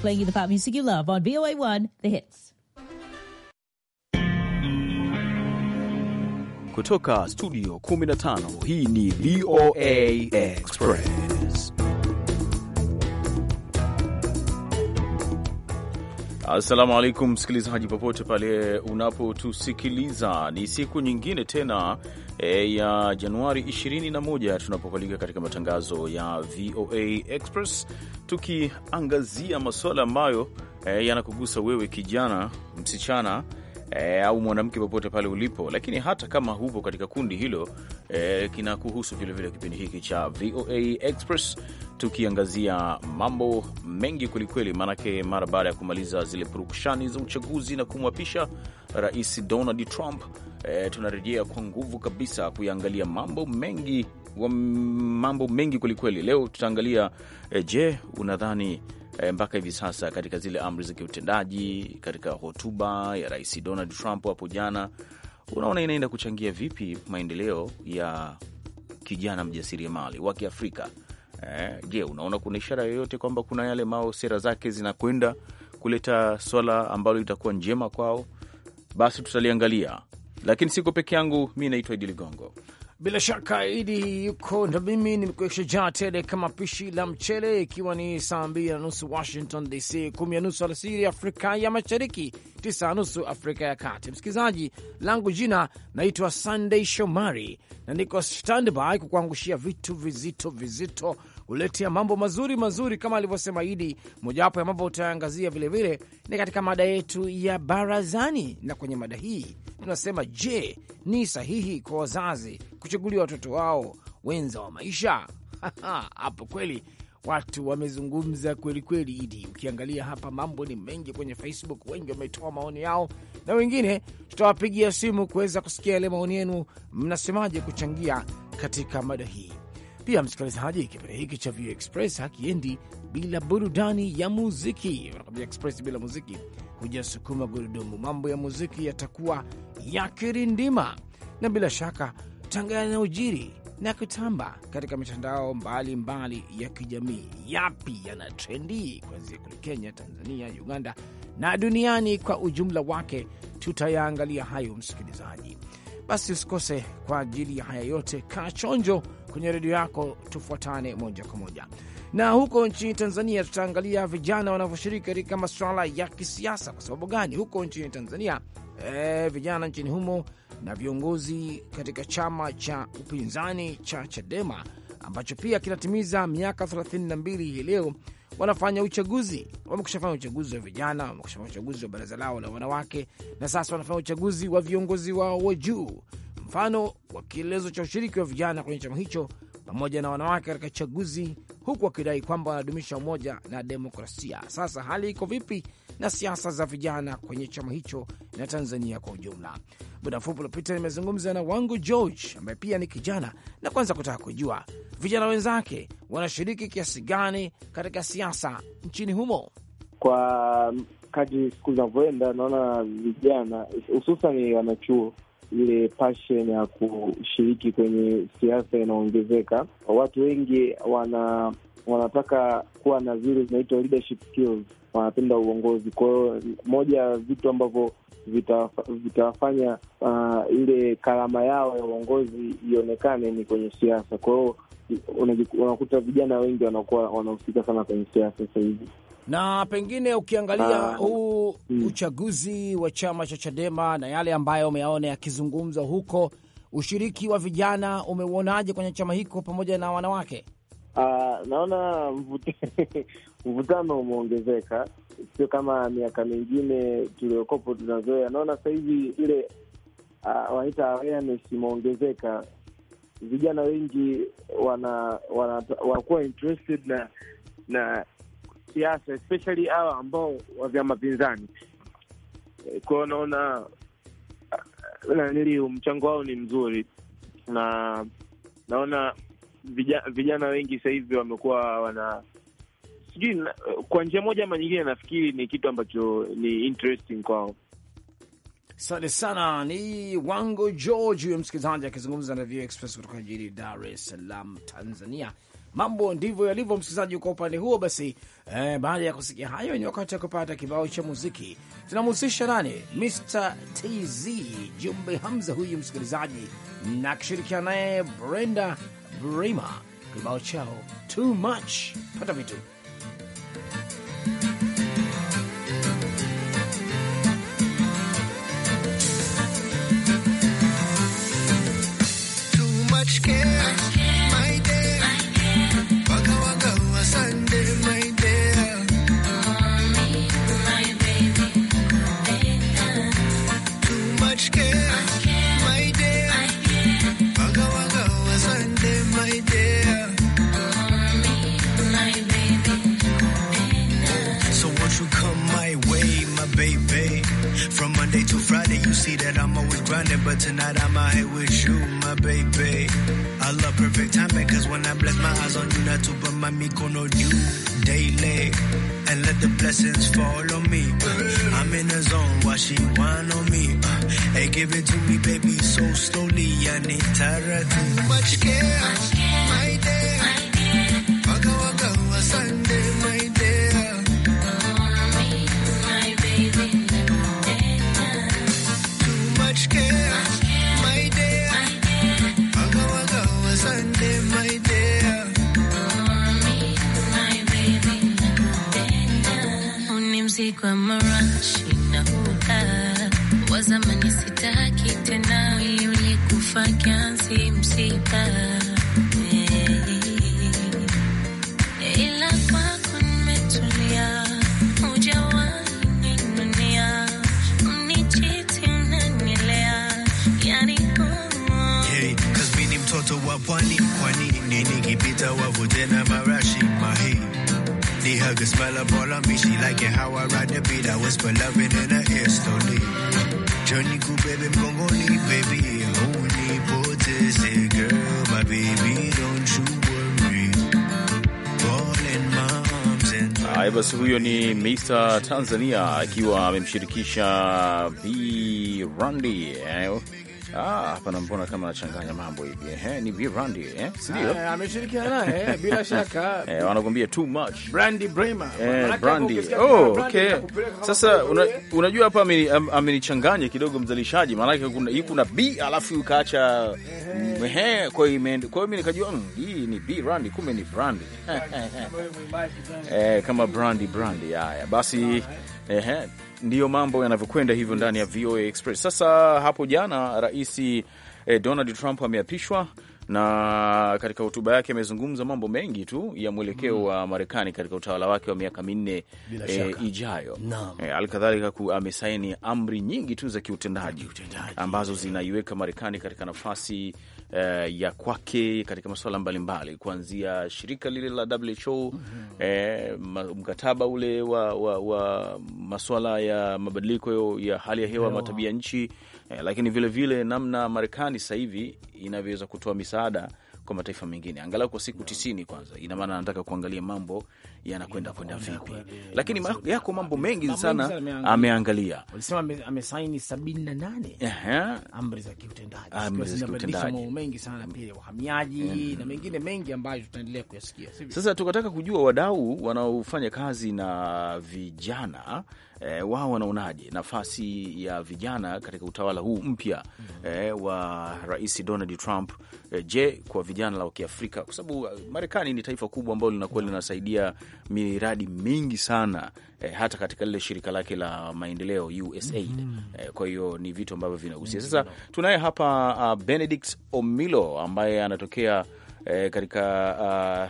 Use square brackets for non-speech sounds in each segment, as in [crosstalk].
Playing you the pop music you love on VOA1, The Hits. Kutoka Studio 15, hii ni VOA Express. Assalamu alaikum msikilizaji, popote pale unapotusikiliza, ni siku nyingine tena e, ya Januari 21 tunapokalika katika matangazo ya VOA Express tukiangazia masuala ambayo e, yanakugusa wewe kijana, msichana e, au mwanamke popote pale ulipo, lakini hata kama hupo katika kundi hilo e, kinakuhusu vilevile. Kipindi hiki cha VOA Express tukiangazia mambo mengi kwelikweli, maanake mara baada ya kumaliza zile purukushani za uchaguzi na kumwapisha Rais Donald Trump e, tunarejea kwa nguvu kabisa kuyaangalia mambo mengi wa mambo mengi kwelikweli. Leo tutaangalia e, je, unadhani e, mpaka hivi sasa katika zile amri za kiutendaji katika hotuba ya Rais Donald Trump hapo jana, unaona inaenda kuchangia vipi maendeleo ya kijana mjasiriamali wa Kiafrika? E, je, unaona kuna ishara yoyote kwamba kuna yale mao sera zake zinakwenda kuleta swala ambalo litakuwa njema kwao? Basi tutaliangalia, lakini siko peke yangu. Mi naitwa Idi Ligongo. Bila shaka Idi yuko na mimi nimekuesha jaa tele kama pishi la mchele, ikiwa ni saa mbili na nusu Washington DC, kumi na nusu alasiri Afrika ya Mashariki, tisa na nusu Afrika ya Kati. Msikilizaji langu jina naitwa Sunday Shomari na niko standby kukuangushia vitu vizito vizito, kuletea mambo mazuri mazuri kama alivyosema Idi. Mojawapo ya mambo utaangazia vilevile ni katika mada yetu ya barazani, na kwenye mada hii tunasema je, ni sahihi kwa wazazi kuchagulia watoto wao wenza wa maisha? [laughs] Hapo kweli watu wamezungumza kweli kweli, Idi. Ukiangalia hapa mambo ni mengi kwenye Facebook, wengi wametoa maoni yao, na wengine tutawapigia simu kuweza kusikia yale maoni yenu, mnasemaje kuchangia katika mada hii. Pia msikilizaji, kipindi hiki cha View Express hakiendi bila burudani ya muziki. Express bila muziki hujasukuma gurudumu. Mambo ya muziki yatakuwa ya Kirindima, na bila shaka tangana na ujiri na kutamba katika mitandao mbalimbali mbali ya kijamii. Yapi yana trendi kuanzia kule Kenya, Tanzania, Uganda na duniani kwa ujumla wake? Tutayaangalia hayo msikilizaji, basi usikose. Kwa ajili ya haya yote, kaa chonjo kwenye redio yako, tufuatane moja kwa moja. Na huko nchini Tanzania tutaangalia vijana wanavyoshiriki katika masuala ya kisiasa. Kwa sababu gani? Huko nchini Tanzania e, vijana nchini humo na viongozi katika chama cha upinzani cha Chadema ambacho pia kinatimiza miaka 32 hii leo wanafanya uchaguzi. Wamekusha fanya uchaguzi wa vijana, wamekusha fanya uchaguzi wa baraza lao la wanawake, na sasa wanafanya uchaguzi wa viongozi wao wa juu. Mfano wa kielelezo cha ushiriki wa vijana kwenye chama hicho pamoja na wanawake katika chaguzi, huku wakidai kwamba wanadumisha umoja na demokrasia. Sasa hali iko vipi na siasa za vijana kwenye chama hicho na Tanzania kwa ujumla? Muda mfupi uliopita nimezungumza na Wangu George ambaye pia ni kijana, na kwanza kutaka kujua vijana wenzake wanashiriki kiasi gani katika siasa nchini humo. Kwa kadri siku zinavyoenda, naona vijana hususan wanachuo ile passion ya kushiriki kwenye siasa inaongezeka. Watu wengi wana wanataka kuwa na zile zinaitwa leadership skills, wanapenda uongozi. Kwa hiyo moja ya vitu ambavyo vitawafanya uh, ile karama yao ya uongozi ionekane ni kwenye siasa. Kwa hiyo unakuta vijana wengi wanakuwa wanahusika sana kwenye siasa sasa hivi na pengine ukiangalia ah. huu uh, uchaguzi wa chama cha Chadema na yale ambayo umeyaona yakizungumza huko, ushiriki wa vijana umeuonaje kwenye chama hiko pamoja na wanawake? Uh, naona [laughs] mvutano umeongezeka, sio kama miaka mingine tuliokopo tunazoea. Naona sasa hivi ile uh, ah, wanaita awareness imeongezeka, vijana wengi wana, wana, wanakuwa interested na na siasa especially hawa ambao wa vyama pinzani. Eh, kwao naona eh, nanili mchango wao ni mzuri, na naona vijana, vijana wengi sasa hivi wamekuwa wana sijui kwa njia moja ama nyingine, nafikiri ni kitu ambacho ni interesting kwao. Asante sana. Ni Wango George huyo msikilizaji akizungumza na Vio Express kutoka jijini Dar es Salaam, Tanzania. Mambo ndivyo yalivyo, msikilizaji, kwa upande huo. Basi eh, baada ya kusikia hayo, ni wakati ya kupata kibao cha muziki. Tunamhusisha nani? Mr TZ Jumbe Hamza huyu msikilizaji, na kushirikiana naye Brenda Brima, kibao chao too much. Pata vitu but tonight I'm out here with you, my baby. I love perfect timing, cause when I bless my eyes on you, not to but my me no you daily. And let the blessings fall on me. Uh, I'm in the zone while she whine on me. Uh, hey, give it to me, baby, so slowly. I need too Much care, my day. kwa marashi na uka wa zamani, sitaki tena, yule kufa kiasi msiba Her good smell up all on me. She like it how I ride the beat. I whisper loving in her ear slowly. Johnny Cool, baby, I'm gon' gon' leave, baby. Only potency, girl, my baby, don't you worry. Ball in my arms and... Haya basi, huyo ni Mr. Tanzania akiwa amemshirikisha B Randy. Eh? Ah, hapa mbona kama anachanganya mambo hivi eh, ni Brandy eh, si ndio? Ameshirikiana naye eh, bila [laughs] shaka eh, wanakuambia too much Brandy Bremer eh, Brandy oh Brandy okay. Sasa una, eh. unajua hapa amenichanganya am, kidogo mzalishaji, maanake kuna hii kuna B alafu ukaacha eh, kwa hiyo imeenda kwa hiyo mimi nikajua hii mm, ni B Brandy, kumbe ni Brandy eh, kama Brandy Brandy. Haya basi. Ehe, ndiyo mambo yanavyokwenda hivyo ndani ya VOA Express. Sasa hapo jana Rais eh, Donald Trump ameapishwa na katika hotuba yake amezungumza mambo mengi tu ya mwelekeo mm, wa Marekani katika utawala wake wa miaka minne e, ijayo e, eh, alikadhalika amesaini amri nyingi tu za kiutendaji ambazo zinaiweka Marekani katika nafasi eh, ya kwake katika masuala mbalimbali, kuanzia shirika lile la WHO mm -hmm. eh, mkataba ule wa, wa, wa masuala ya mabadiliko ya hali ya hewa matabia nchi eh, lakini vilevile vile namna Marekani sasa hivi inavyoweza kutoa misaada kwa mataifa mengine, angalau kwa siku tisini kwanza. Ina maana anataka kuangalia mambo yanakwenda kwenda vipi, lakini yako mambo mengi sana ameangalia. Walisema amesaini sabini na nane amri za kiutendaji, mengi sana, pia na mengine mengi ambayo tutaendelea kuyasikia. Sasa tukataka kujua wadau wanaofanya kazi na vijana e, wao wanaonaje nafasi ya vijana katika utawala huu mpya mm -hmm. e, wa Rais Donald Trump? E, je, kwa vijana la Kiafrika, kwa sababu uh, Marekani ni taifa kubwa ambalo linakuwa linasaidia miradi mingi sana e, hata katika lile shirika lake la maendeleo USAID mm -hmm. e, kwa hiyo ni vitu ambavyo vinahusia. Sasa tunaye hapa uh, Benedict Omilo ambaye anatokea E, katika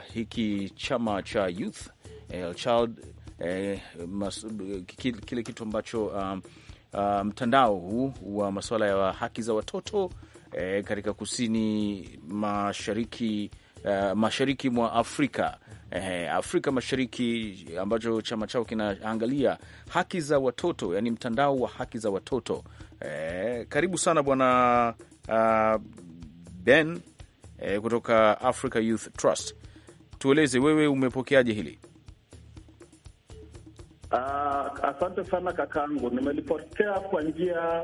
uh, hiki chama cha youth eh, child Eh, mas, kile, kile kitu ambacho um, uh, mtandao huu wa masuala ya haki za watoto eh, katika kusini mashariki Uh, mashariki mwa Afrika eh, Afrika Mashariki ambacho chama chao kinaangalia haki za watoto, yani mtandao wa haki za watoto eh, karibu sana bwana uh, Ben eh, kutoka Africa Youth Trust, tueleze wewe umepokeaje hili? Uh, asante sana kakangu, nimelipokea kwa njia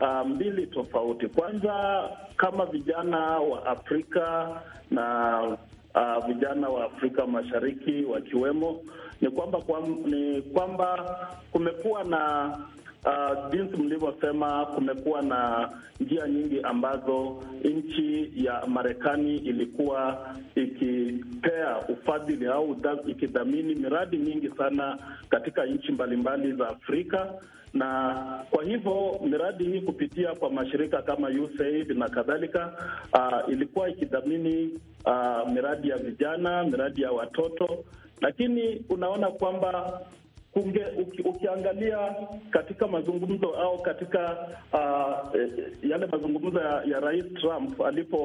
uh, mbili tofauti. Kwanza kama vijana wa Afrika na uh, vijana wa Afrika Mashariki wakiwemo, ni kwamba kwa, ni kwamba kumekuwa na Uh, jinsi mlivyosema, kumekuwa na njia nyingi ambazo nchi ya Marekani ilikuwa ikipea ufadhili au ikidhamini miradi mingi sana katika nchi mbalimbali za Afrika, na kwa hivyo miradi hii kupitia kwa mashirika kama USAID na kadhalika, uh, ilikuwa ikidhamini uh, miradi ya vijana, miradi ya watoto lakini unaona kwamba kunge, uki, ukiangalia katika mazungumzo au katika uh, yale mazungumzo ya, ya Rais Trump alipo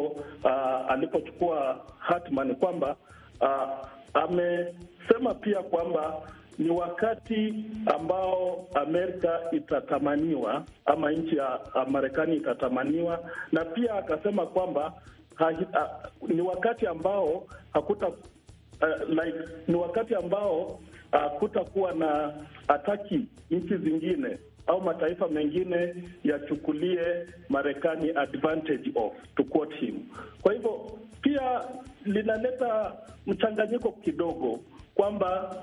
uh, alipochukua hatma ni kwamba uh, amesema pia kwamba ni wakati ambao Amerika itatamaniwa ama nchi ya Marekani itatamaniwa, na pia akasema kwamba ha, ha, ni wakati ambao hakuta uh, like, ni wakati ambao uh, kutakuwa na ataki nchi zingine au mataifa mengine yachukulie Marekani advantage of to quote him. Kwa hivyo pia linaleta mchanganyiko kidogo kwamba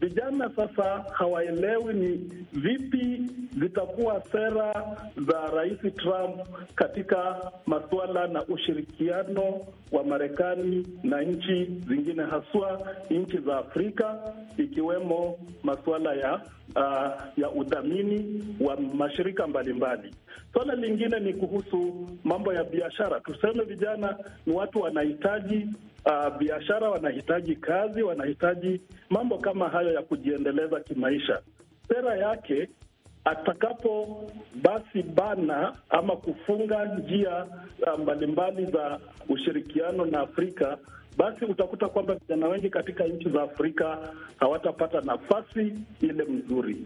Vijana sasa hawaelewi ni vipi zitakuwa sera za Rais Trump katika masuala na ushirikiano wa Marekani na nchi zingine, haswa nchi za Afrika, ikiwemo masuala ya uh, ya udhamini wa mashirika mbalimbali. Swala lingine ni kuhusu mambo ya biashara. Tuseme vijana ni watu wanahitaji uh, biashara, wanahitaji kazi, wanahitaji mambo kama hayo ya kujiendeleza kimaisha. Sera yake atakapo basi bana ama kufunga njia uh, mbalimbali za ushirikiano na Afrika basi utakuta kwamba vijana wengi katika nchi za Afrika hawatapata nafasi ile mzuri.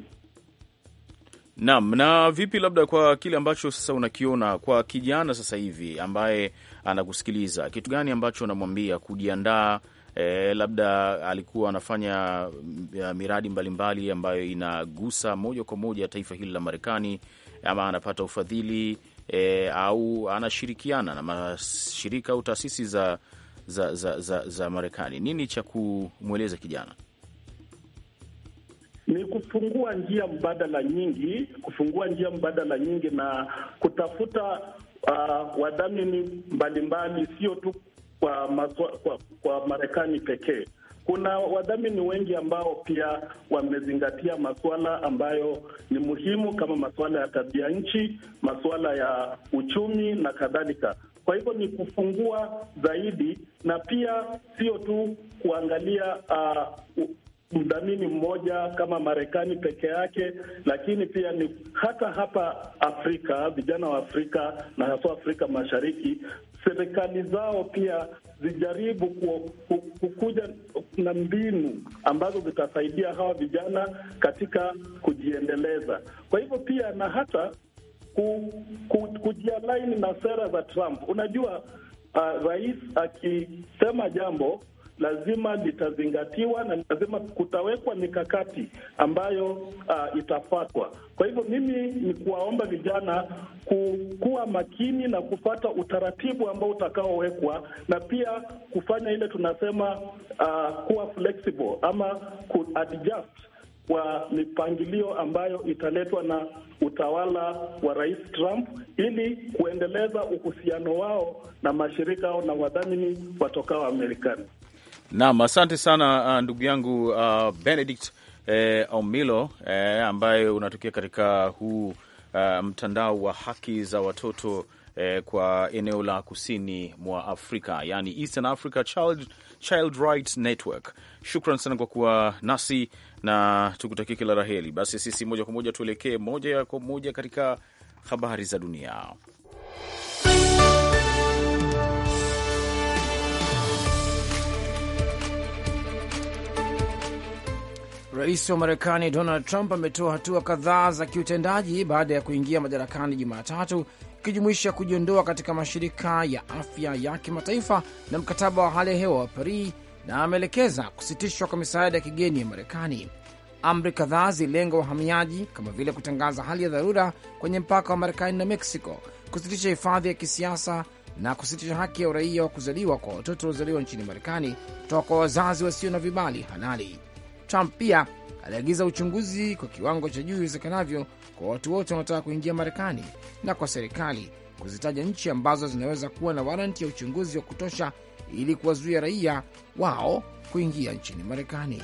Naam. Na vipi, labda kwa kile ambacho sasa unakiona kwa kijana sasa hivi ambaye anakusikiliza, kitu gani ambacho unamwambia kujiandaa? E, labda alikuwa anafanya miradi mbalimbali mbali ambayo inagusa moja kwa moja taifa hili la Marekani, ama anapata ufadhili e, au anashirikiana na mashirika au taasisi za za, za, za, za Marekani. Nini cha kumweleza kijana? Ni kufungua njia mbadala nyingi, kufungua njia mbadala nyingi na kutafuta uh, wadhamini mbalimbali, sio tu kwa, kwa, kwa Marekani pekee. Kuna wadhamini wengi ambao pia wamezingatia masuala ambayo ni muhimu kama masuala ya tabia nchi, masuala ya uchumi na kadhalika. Kwa hivyo ni kufungua zaidi, na pia sio tu kuangalia uh, mdhamini mmoja kama Marekani peke yake, lakini pia ni hata hapa Afrika, vijana wa Afrika na haswa Afrika Mashariki, serikali zao pia zijaribu kukuja na mbinu ambazo zitasaidia hawa vijana katika kujiendeleza. Kwa hivyo pia na hata ku, ku, kujialaini na sera za Trump. Unajua uh, rais akisema jambo lazima litazingatiwa na lazima kutawekwa mikakati ambayo uh, itafatwa. Kwa hivyo mimi ni kuwaomba vijana kuwa makini na kufata utaratibu ambao utakaowekwa, na pia kufanya ile tunasema uh, kuwa flexible ama ku wa mipangilio ambayo italetwa na utawala wa Rais Trump ili kuendeleza uhusiano wao na mashirika ao na wadhamini watokao Amerikani. Naam, asante sana uh, ndugu yangu uh, Benedict eh, Omilo eh, ambaye unatokea katika huu uh, mtandao wa haki za watoto eh, kwa eneo la kusini mwa Afrika, yani Eastern Africa Child, Child Rights Network. Shukran sana kwa kuwa nasi na tukutakie kila raheli. Basi sisi moja kwa moja tuelekee moja kwa moja katika habari za dunia. Rais wa Marekani Donald Trump ametoa hatua kadhaa za kiutendaji baada ya kuingia madarakani Jumatatu, ikijumuisha kujiondoa katika mashirika ya afya ya kimataifa na mkataba wa hali ya hewa wa Paris, na ameelekeza kusitishwa kwa misaada ya kigeni ya Marekani. Amri kadhaa zilenga wahamiaji kama vile kutangaza hali ya dharura kwenye mpaka wa Marekani na Meksiko, kusitisha hifadhi ya kisiasa na kusitisha haki ya uraia wa kuzaliwa kwa watoto waliozaliwa nchini Marekani kutoka kwa wazazi wasio na vibali halali. Trump pia aliagiza uchunguzi kwa kiwango cha juu iwezekanavyo kwa watu wote wanaotaka kuingia Marekani na kwa serikali kuzitaja nchi ambazo zinaweza kuwa na waranti ya uchunguzi wa kutosha ili kuwazuia raia wao kuingia nchini Marekani.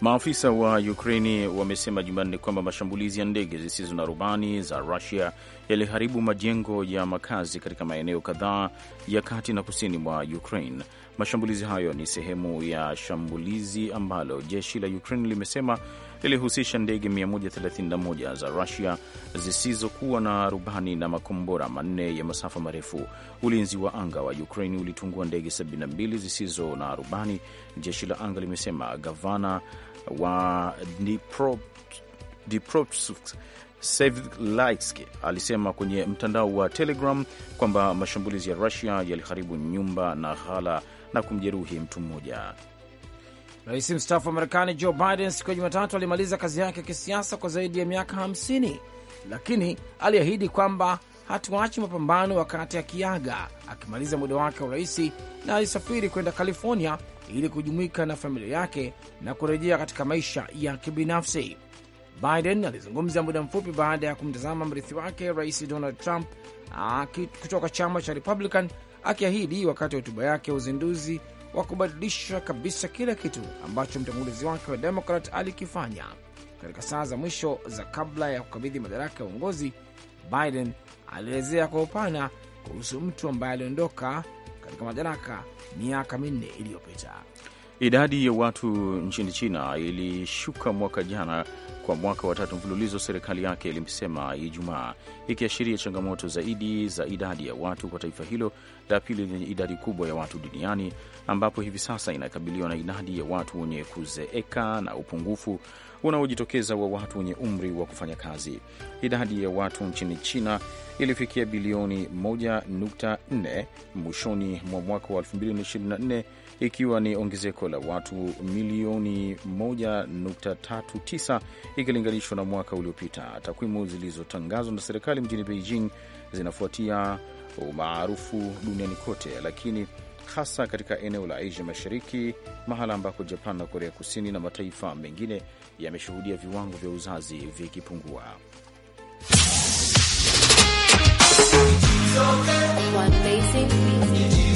Maafisa wa Ukraini wamesema Jumanne kwamba mashambulizi ya ndege zisizo na rubani za Rusia yaliharibu majengo ya makazi katika maeneo kadhaa ya kati na kusini mwa Ukraine. Mashambulizi hayo ni sehemu ya shambulizi ambalo jeshi la Ukraine limesema lilihusisha ndege 131 za Rusia zisizokuwa na rubani na makombora manne ya masafa marefu. Ulinzi wa anga wa Ukraine ulitungua ndege 72 zisizo na rubani, jeshi la anga limesema. Gavana wa Dnipropetrovsk sevlaisk alisema kwenye mtandao wa Telegram kwamba mashambulizi ya Rusia yaliharibu nyumba na ghala na kumjeruhi mtu mmoja. Rais mstaafu wa Marekani Joe Biden siku ya Jumatatu alimaliza kazi yake ya kisiasa kwa zaidi ya miaka 50 lakini aliahidi kwamba hatuachi mapambano wakati akiaga akimaliza muda wake wa uraisi, na alisafiri kwenda California ili kujumuika na familia yake na kurejea katika maisha ya kibinafsi. Biden alizungumza muda mfupi baada ya kumtazama mrithi wake Rais Donald Trump kutoka chama cha Republican akiahidi wakati wa hotuba yake ya uzinduzi wa kubadilisha kabisa kila kitu ambacho mtangulizi wake wa Demokrat alikifanya. Katika saa za mwisho za kabla ya kukabidhi madaraka ya uongozi, Biden alielezea kwa upana kuhusu mtu ambaye aliondoka katika madaraka miaka minne iliyopita. Idadi ya watu nchini China ilishuka mwaka jana kwa mwaka wa tatu mfululizo, serikali yake ilimsema Ijumaa, ikiashiria changamoto zaidi za idadi ya watu kwa taifa hilo la pili lenye idadi kubwa ya watu duniani, ambapo hivi sasa inakabiliwa na idadi ya watu wenye kuzeeka na upungufu unaojitokeza wa watu wenye umri wa kufanya kazi. Idadi ya watu nchini China ilifikia bilioni 1.4 mwishoni mwa mwaka wa 2024 ikiwa ni ongezeko la watu milioni 1.39 ikilinganishwa na mwaka uliopita. Takwimu zilizotangazwa na serikali mjini Beijing zinafuatia umaarufu duniani kote, lakini hasa katika eneo la Asia Mashariki, mahala ambako Japan na Korea Kusini na mataifa mengine yameshuhudia viwango vya uzazi vikipungua.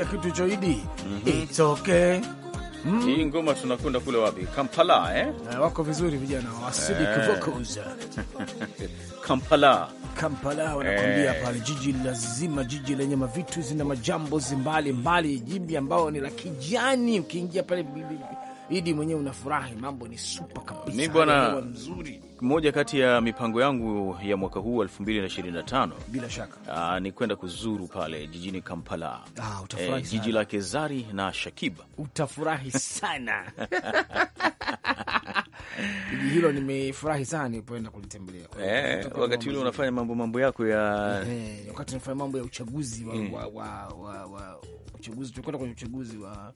Unasikia kitu choidi mm -hmm. It's Mm. Hii ngoma tunakwenda kule wapi? Kampala eh? Na wako vizuri vijana wa Acidic Vocals. Kampala. Kampala wanakwambia eh, pale jiji lazima, jiji lenye mavitu zina majambo zimbali mbali, jiji ambao ni la kijani, ukiingia pale idi mwenyewe unafurahi, mambo ni super kabisa. Mimi bwana mzuri moja kati ya mipango yangu ya mwaka huu 2025 bila shaka aa, ah, ni kwenda kuzuru pale jijini Kampala. Ah, utafurahi eh, jiji la Kezari na Shakiba, utafurahi [laughs] sana [laughs] jiji hilo nimefurahi sana nipoenda kulitembelea. Eh, wakati ule unafanya mambo mambo yako ya eh, wakati unafanya mambo ya uchaguzi wa, mm. wa, wa, wa, wa uchaguzi tulikwenda kwenye uchaguzi wa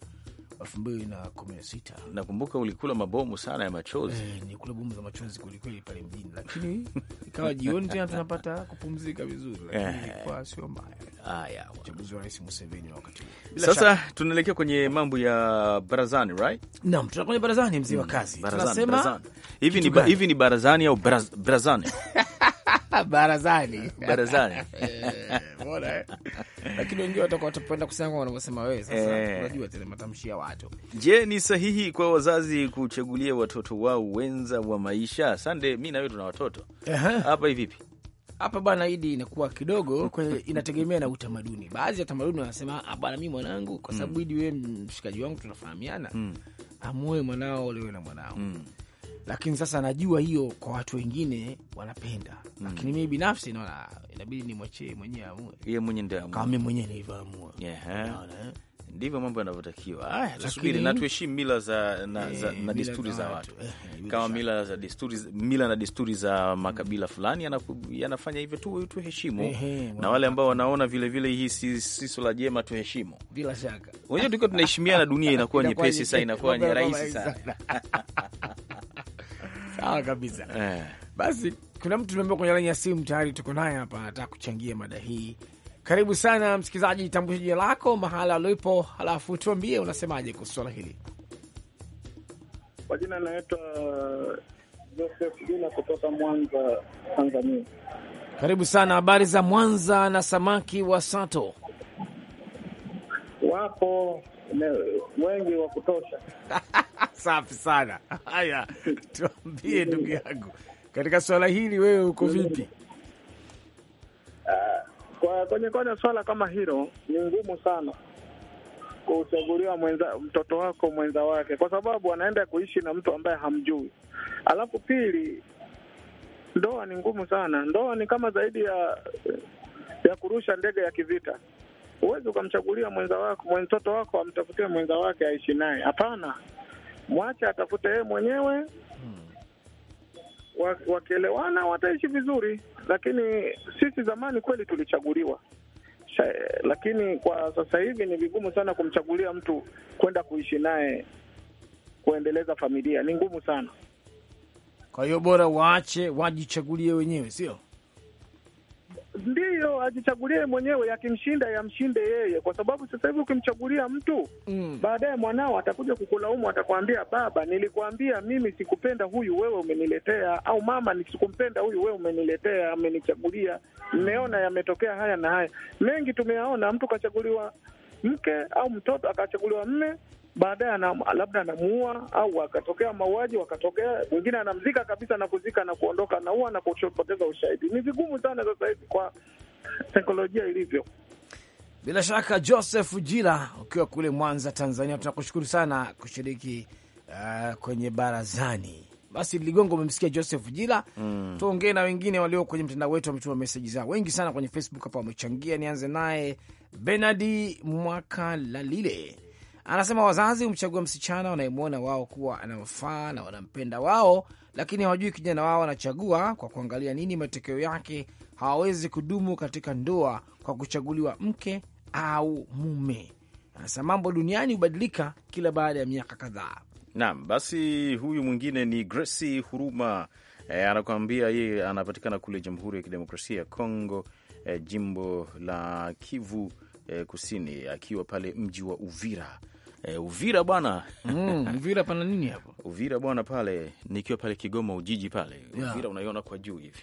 elfu mbili na kumi na sita. Nakumbuka ulikula mabomu sana ya machozi eh, kula bomu za machozi kwelikweli pale mjini, lakini [laughs] ikawa jioni tena tunapata kupumzika vizuri, lakini eh. kwa sio mbaya. Haya, uchaguzi wa Rais Museveni wa wakati huo. Sasa tunaelekea kwenye mambo ya barazani, right? Naam, tuna kwenye barazani, mzee wa mm, kazi, tunasema hivi ni barazani au brazani? [laughs] [laughs] barazani barazani, [laughs] eh, lakini wengi watakuwa watapenda kusema wanavyosema wewe. Sasa eh. unajua tena matamshi ya watu. Je, ni sahihi kwa wazazi kuchagulia watoto wao wenza wa maisha? Sande, mi nawe tuna watoto hapa, hivi vipi? Hapa bwana Idi, inakuwa kidogo inategemea na utamaduni. Baadhi ya tamaduni wanasema ah, bwana, mi mwanangu, kwa sababu mm. Idi wewe mshikaji wangu tunafahamiana, mm. amuoe mwanao olewe na mwanao mm lakini sasa najua hiyo kwa watu wengine wanapenda mm. Lakini mimi binafsi naona inabidi nimwachie mwenyewe amue, yeye mwenyewe ndio amue, kama mimi mwenyewe nilivyoamua. yeah. Ndivyo mambo yanavyotakiwa. Haya, ah, tusubiri na tuheshimu mila za na, e, za, eh, na desturi za, za watu E, kama mila za desturi, mila na desturi za mm. makabila fulani yanafanya hivyo tu, tuheshimu ee, na wale ambao wanaona vilevile hii si, si swala jema, tuheshimu. Bila shaka wenyewe tukiwa tunaheshimiana, dunia [laughs] inakuwa nyepesi sana, inakuwa rahisi sana [laughs] Sawa kabisa eh. Basi kuna mtu tumeambia kwenye laini ya simu tayari, tuko naye hapa, anataka kuchangia mada hii. Karibu sana msikilizaji, tambusha jina lako, mahala ulipo, halafu tuambie unasemaje kuhusu swala hili. Kwa jina anaitwa uh, Joseph Bila kutoka Mwanza, Tanzania. Karibu sana. Habari za Mwanza na samaki wa Sato? Wapo wengi wa kutosha [laughs] Safi sana. [laughs] Haya, [laughs] tuambie ndugu yangu, katika swala hili wewe uko vipi? Eh, kwa kwenye kwenye swala kama hilo ni ngumu sana kuchaguliwa mwenza, mtoto wako mwenza wake, kwa sababu anaenda kuishi na mtu ambaye hamjui. Alafu pili, ndoa ni ngumu sana. Ndoa ni kama zaidi ya ya kurusha ndege ya kivita. Huwezi ukamchagulia mwenza wako, mtoto wako amtafutie mwenza wake aishi naye, hapana mwache atafute yeye mwenyewe hmm. Wakielewana wataishi vizuri, lakini sisi zamani kweli tulichaguliwa Shai, lakini kwa sasa hivi ni vigumu sana kumchagulia mtu kwenda kuishi naye kuendeleza familia, ni ngumu sana. Kwa hiyo bora waache wajichagulie wenyewe, sio ndiyo ajichagulie mwenyewe, yakimshinda yamshinde yeye, kwa sababu sasa hivi ukimchagulia mtu mm, baadaye mwanao atakuja kukulaumu, atakwambia baba, nilikwambia mimi sikupenda huyu, wewe umeniletea, au mama, sikumpenda huyu, wewe umeniletea, amenichagulia. Mmeona yametokea haya na haya mengi, tumeyaona. Mtu kachaguliwa mke au mtoto akachaguliwa mme baadaye labda anamuua au akatokea mauaji, wakatokea wengine anamzika kabisa na kuzika na kuondoka, anaua na kupoteza ushahidi. Ni vigumu sana sasa hivi kwa teknolojia ilivyo. Bila shaka, Joseph Jila, ukiwa kule Mwanza, Tanzania, tunakushukuru sana kushiriki uh, kwenye barazani. Basi Ligongo, umemsikia Joseph Jila mm. Tuongee na wengine walio kwenye mtandao wetu, wametuma meseji zao wengi sana kwenye Facebook hapa wamechangia. Nianze naye Benadi lalile Anasema wazazi humchagua msichana wanayemwona wao kuwa anawafaa na wanampenda wao, lakini hawajui kijana wao anachagua kwa kuangalia nini matokeo yake. Hawawezi kudumu katika ndoa kwa kuchaguliwa mke au mume. Anasema mambo duniani hubadilika kila baada ya miaka kadhaa. Naam, basi huyu mwingine ni gresi Huruma. E, anakuambia yeye anapatikana kule Jamhuri ya Kidemokrasia ya Kongo, e, jimbo la Kivu e, Kusini, akiwa pale mji wa Uvira. E, Uvira bwana mm, Uvira pana nini hapo? [laughs] Uvira bwana pale, nikiwa pale Kigoma Ujiji pale yeah. Uvira unaiona kwa juu hivi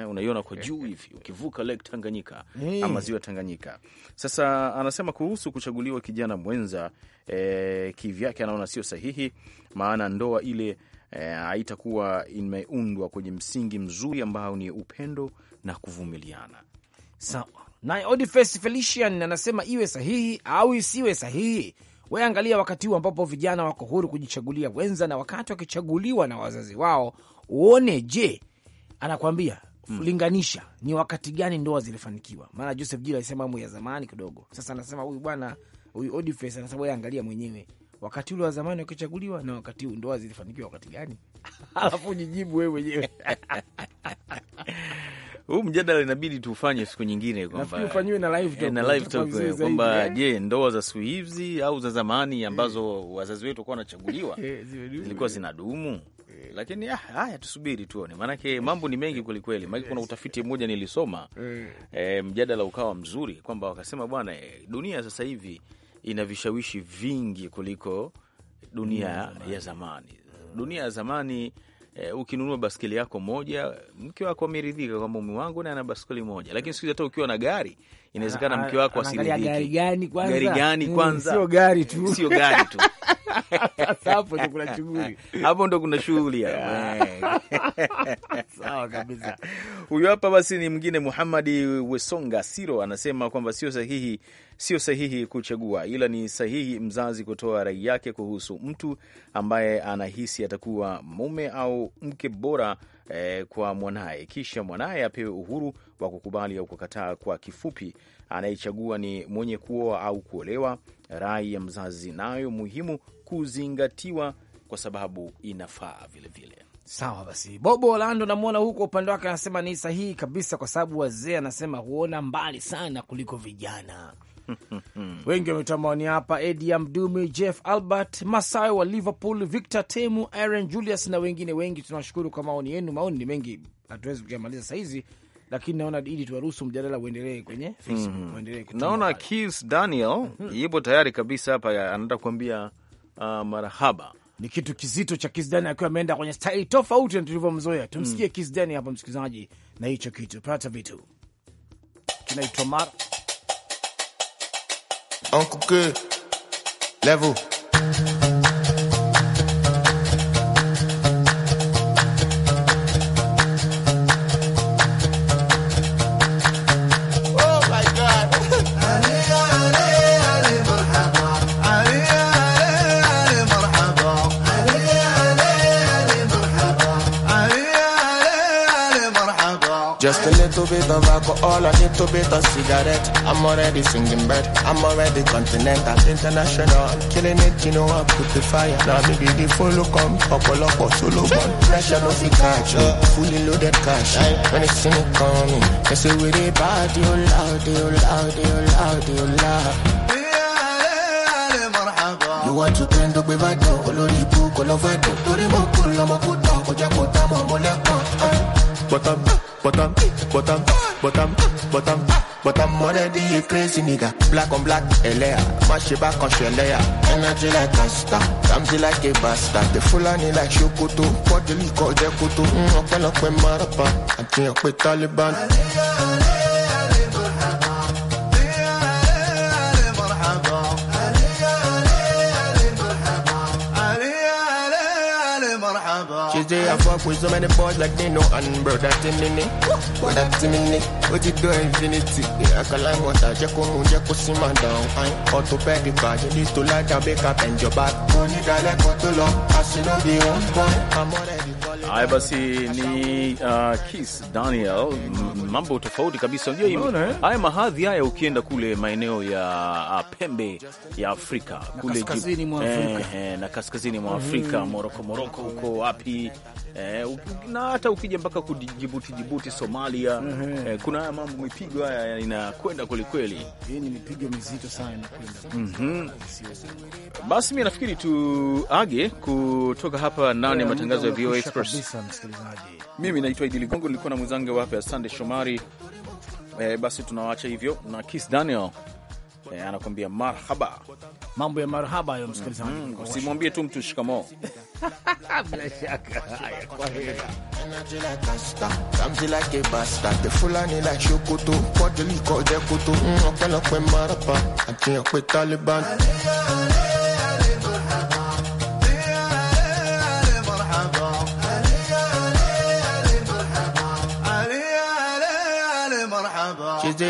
eh, unaiona kwa juu hivi ukivuka Lake Tanganyika hey, ama ziwa Tanganyika. Sasa anasema kuhusu kuchaguliwa kijana mwenza eh, kivyake anaona sio sahihi, maana ndoa ile eh, haitakuwa eh, imeundwa kwenye msingi mzuri ambao ni upendo na kuvumiliana. Sawa. Naye Odifes Felician anasema iwe sahihi au isiwe sahihi, We angalia wakati huu ambapo vijana wako huru kujichagulia wenza, na wakati wakichaguliwa na wazazi wao, uone je, anakwambia Hmm. Linganisha ni wakati gani ndoa zilifanikiwa? Maana Joseph Jira alisema mambo ya zamani kidogo, sasa anasema huyu bwana huyu Odifes anasema wee, angalia mwenyewe wakati ule wa zamani wakichaguliwa na wakati huu ndoa zilifanikiwa wakati gani? [laughs] alafu jijibu wewe mwenyewe [laughs] huu mjadala inabidi tufanye siku nyingine, kwamba ufanyiwe na live eh, na live talk kwamba je, ndoa za siku hizi au za zamani ambazo eh. wazazi wetu walikuwa wanachaguliwa [laughs] eh, zilikuwa zinadumu? Lakini ah, haya tusubiri tuone, maanake mambo ni mengi kwelikweli. Maanake kuna utafiti mmoja nilisoma, e, mjadala ukawa mzuri kwamba wakasema bwana, dunia sasa hivi ina vishawishi vingi kuliko dunia ya zamani. Dunia ya zamani e, ukinunua baskeli yako moja, mke wako ameridhika kwamba mume wangu naye ana baskeli moja. Lakini siku hizi hata ukiwa na gari inawezekana mke wako asiridhike. Gari gani kwanza? Gari gani hmm, kwanza? Sio gari tu, sio gari tu [laughs] Sasa hapo ndo kuna shughuli, hapo ndo kuna shughuli. [laughs] Sawa kabisa. Huyu hapa basi ni mwingine Muhamadi Wesonga Siro anasema kwamba sio sahihi, sio sahihi kuchagua, ila ni sahihi mzazi kutoa rai yake kuhusu mtu ambaye anahisi atakuwa mume au mke bora eh, kwa mwanaye, kisha mwanaye apewe uhuru wa kukubali au kukataa. Kwa kifupi, anayechagua ni mwenye kuoa au kuolewa. Rai ya mzazi nayo muhimu kuzingatiwa kwa sababu inafaa vilevile. Sawa basi, Bobo Orlando namwona huko upande wake, anasema ni sahihi kabisa, kwa sababu wazee, anasema huona mbali sana kuliko vijana. [laughs] Wengi wametoa maoni hapa, Edi ya Mdumi, Jeff Albert Masawe wa Liverpool, Victor Temu, Aaron Julius na wengine wengi. Tunawashukuru kwa maoni yenu. Maoni ni mengi, hatuwezi kuyamaliza sahizi, lakini naona ili tuwaruhusu mjadala uendelee kwenye Facebook. Mm -hmm. Uendelee, naona Kis Daniel mm -hmm. yupo tayari kabisa hapa, anataka kuambia uh, marahaba ni kitu kizito cha Kisdani akiwa ameenda kwenye stali tofauti na tulivyomzoea. Tumsikie mm. Kisdani hapa, msikilizaji, na hicho kitu pata vitu kinaitwa mara Uncle Level Just a little bit of alcohol, a little bit of cigarette. I'm already singing bird. I'm already continental, international. Killing it, you know I put the fire. Now me be the follow come, couple up or solo one. Pressure no fi catch me, fully loaded cash. When they see me coming, they say we the party. you loud, you loud, you loud, you loud. You want to bend up with a dog, olórí ibú kò lọ fẹ́ dùn. Torí mo kú lọ́mọ kú tán, kò jẹ́ kó tá mọ̀ mọ́lẹ́kọ̀ọ́. Bọ́tà bẹ́ẹ̀ bottom, bottom, bottom, bottom, bottom. Already a crazy nigga. Black on black, Elea. Mash it back on your layer. Energy like a star. Ramsey like a bastard. The Fulani like Shokoto. Bodily called Jekoto. Mm, ọpẹ́lọpẹ́ Marapa. Àti ọpẹ́ Taliban. Alea, alea. marhaba. She say I fuck with so many boys like they know and bro that in it. Bro that in it. What you do infinity? Yeah, I can like water. Jacko moon, Jacko simmer down. I orthopedic car. She needs to light a back up and your back. Money that like what to love. I should no the old boy. I'm already. Haya basi, ni uh, Kiss Daniel, mambo tofauti kabisa. Unajua eh? haya mahadhi haya, ukienda kule maeneo ya uh, pembe ya Afrika kule eh, eh, na kaskazini mwa Afrika, eh, eh, Afrika Moroko, Moroko huko wapi eh, na hata ukija mpaka kujibuti Jibuti, Somalia mm -hmm. eh, kuna haya mambo mipigo haya inakwenda kwelikweli, hii ni mipigo mizito sana inakwenda mm -hmm. Basi mi nafikiri tuage kutoka hapa ndani ya eh, matangazo ya VOA Express. Mimi naitwa Idi Ligongo, nilikuwa na mwenzangu wape Sande Shomari. Eh, basi tunawaacha hivyo na Kiss Daniel e, anakuambia marhaba. Mambo ya marhaba hayo, msikilizaji, mm, usimwambie tu mtu shikamo. [laughs] bila shaka haya kwa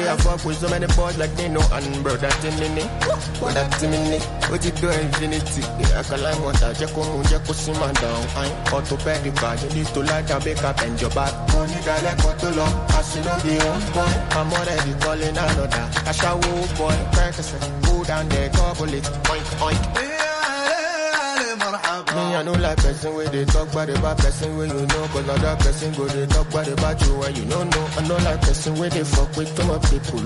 I fuck with so many boys like they know and brother that in me But that in me What you do infinity Yeah, I can lie what I just come just go see my down I the bad You need to like a bake up and your back Money guy like what to love I see no be old boy I'm already calling another I shall woo boy Percocet Go down there gobble it Oink oink me, I know like person where they talk bad about person where you know. Cause another person go they talk bad about you and you don't know. I know like person where they fuck with too people.